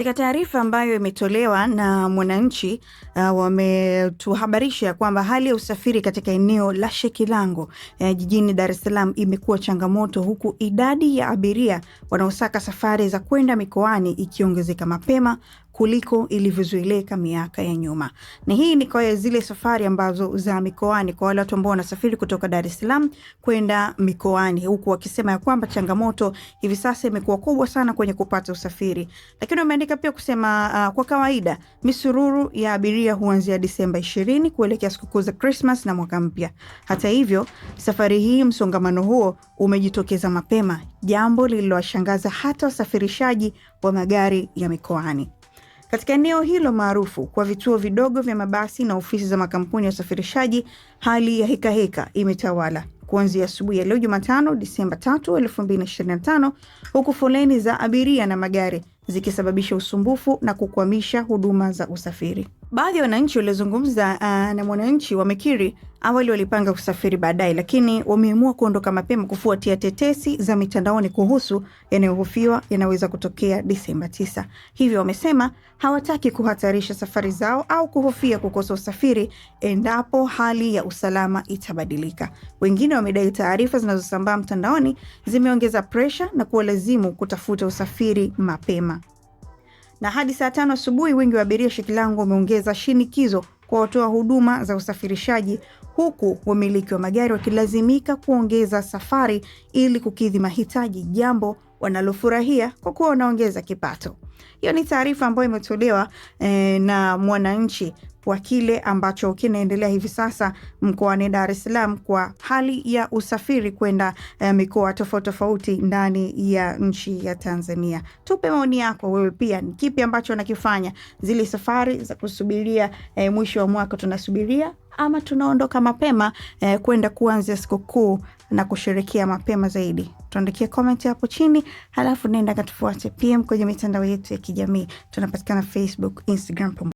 Katika taarifa ambayo imetolewa na Mwananchi uh, wametuhabarisha kwamba hali ya usafiri katika eneo la Shekilango uh, jijini Dar es Salaam imekuwa changamoto, huku idadi ya abiria wanaosaka safari za kwenda mikoani ikiongezeka mapema kuliko ilivyozoeleka miaka ya nyuma. Na hii ni kwa zile safari ambazo za mikoani kwa wale watu ambao wanasafiri kutoka Dar es Salaam kwenda mikoani, huku wakisema ya kwamba changamoto hivi sasa imekuwa kubwa sana kwenye kupata usafiri. Lakini wameandika pia kusema uh, kwa kawaida misururu ya abiria huanzia Disemba 20 kuelekea sikukuu za Christmas na mwaka mpya. Hata hivyo, safari hii msongamano huo umejitokeza mapema, jambo lililowashangaza hata wasafirishaji wa magari ya mikoani. Katika eneo hilo maarufu kwa vituo vidogo vya mabasi na ofisi za makampuni ya usafirishaji, hali ya hekaheka imetawala kuanzia asubuhi ya leo Jumatano Disemba 3, 2025 huku foleni za abiria na magari zikisababisha usumbufu na kukwamisha huduma za usafiri. Baadhi ya wananchi waliozungumza uh, na Mwananchi wamekiri awali walipanga kusafiri baadaye, lakini wameamua kuondoka mapema kufuatia tetesi za mitandaoni kuhusu yanayohofiwa yanaweza kutokea Disemba 9. Hivyo wamesema hawataki kuhatarisha safari zao au kuhofia kukosa usafiri endapo hali ya usalama itabadilika. Wengine wamedai taarifa zinazosambaa mtandaoni zimeongeza presha na kuwalazimu kutafuta usafiri mapema na hadi saa tano asubuhi wingi wa abiria Shikilango umeongeza shinikizo kwa watoa huduma za usafirishaji huku wamiliki wa magari wakilazimika kuongeza safari ili kukidhi mahitaji, jambo wanalofurahia kwa kuwa wanaongeza kipato. Hiyo ni taarifa ambayo imetolewa eh, na Mwananchi wa kile ambacho kinaendelea hivi sasa mkoani Dar es Salaam kwa hali ya usafiri kwenda eh, mikoa tofauti tofauti ndani ya nchi ya Tanzania. Tupe maoni yako wewe pia, ni kipi ambacho unakifanya? zile safari za kusubiria eh, mwisho wa mwaka tunasubiria ama tunaondoka mapema eh, kwenda kuanzia sikukuu na kusherekea mapema zaidi. Tuandikie comment hapo chini, halafu nenda katufuate PM kwenye mitandao yetu ya kijamii. Tunapatikana Facebook, Instagram.